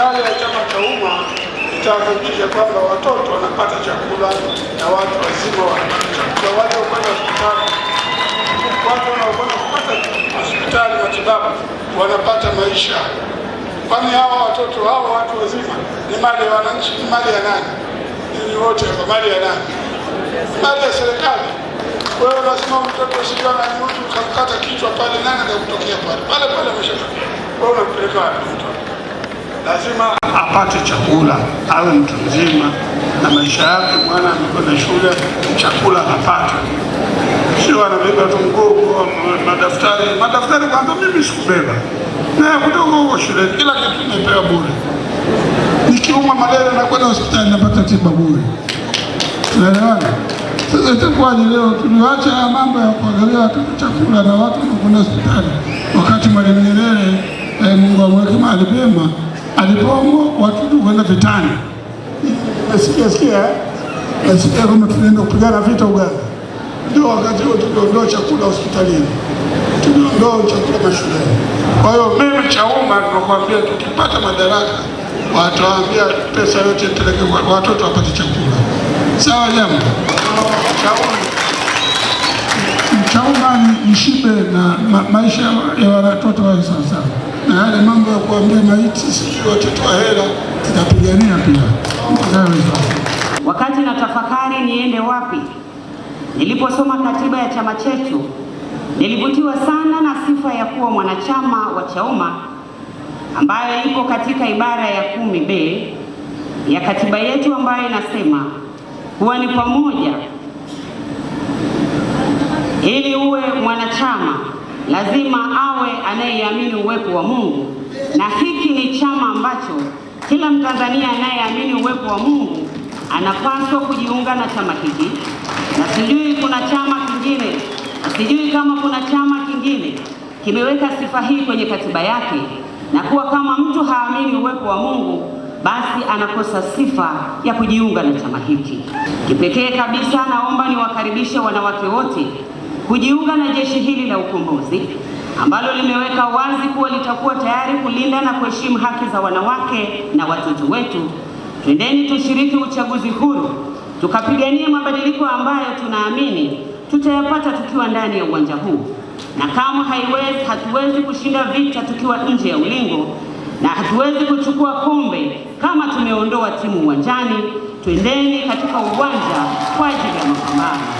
serikali ya Chama cha Umma itahakikisha kwamba watoto wanapata chakula na watu wazima wanapata chakula, waliokwenda hospitali, watu wanaokwenda kupata hospitali matibabu wanapata maisha, kwani hawa watoto hawa watu wazima ni mali ya wananchi, ni mali ya nani? Ni wote hapa, mali ya nani? Mali ya serikali. Wewe lazima mtoto sijua na mtu ukamkata kichwa pale, nani atakutokea pale pale pale? Ameshatokea, wewe unampeleka wapi mtoto? lazima apate chakula, awe mtu mzima na maisha yake. Mwana amekwenda shule, chakula anapata, sio anabeba tu mgogo madaftari madaftari. Kwanza mimi sikubeba na kutoka huko shule, kila kitu nimepewa bure. Nikiumwa malaria na kwenda hospitali napata tiba bure. Tunaelewana? Sasa itakuwaje leo tuliwacha haya mambo ya kuangalia watoto chakula na watu kwenda hospitali, wakati Mwalimu Nyerere, eh, Mungu amweke mahali pema alipoamua watoto kwenda vitani. Nasikia sikia nasikia eh? kama tunaenda kupigana vita Uganda, ndio wakati huo tuliondoa chakula hospitalini, tuliondoa chakula mashuleni. Kwa hiyo mimi CHAUMMA tunakwambia tukipata madaraka watawaambia pesa yote peleke watoto wapate chakula. Sawa jambo naomba mshibe na ma maisha ya watoto wao sawasawa, na yale mambo ya kuambia maiti sijui watoto wa hela tutapigania pia. Wakati na tafakari niende wapi, niliposoma katiba ya chama chetu nilivutiwa sana na sifa ya kuwa mwanachama wa chauma ambayo iko katika ibara ya kumi b ya katiba yetu ambayo inasema kuwa ni pamoja ili uwe mwanachama lazima awe anayeamini uwepo wa Mungu, na hiki ni chama ambacho kila Mtanzania anayeamini uwepo wa Mungu anapaswa kujiunga na chama hiki, na sijui kuna chama kingine, sijui kama kuna chama kingine kimeweka sifa hii kwenye katiba yake, na kuwa kama mtu haamini uwepo wa Mungu basi anakosa sifa ya kujiunga na chama hiki. Kipekee kabisa, naomba niwakaribishe wanawake wote kujiunga na jeshi hili la ukombozi ambalo limeweka wazi kuwa litakuwa tayari kulinda na kuheshimu haki za wanawake na watoto wetu. Twendeni tushiriki uchaguzi huru, tukapiganie mabadiliko ambayo tunaamini tutayapata tukiwa ndani ya uwanja huu, na kama haiwezi, hatuwezi kushinda vita tukiwa nje ya ulingo, na hatuwezi kuchukua kombe kama tumeondoa timu uwanjani. Twendeni katika uwanja kwa ajili ya mapambano.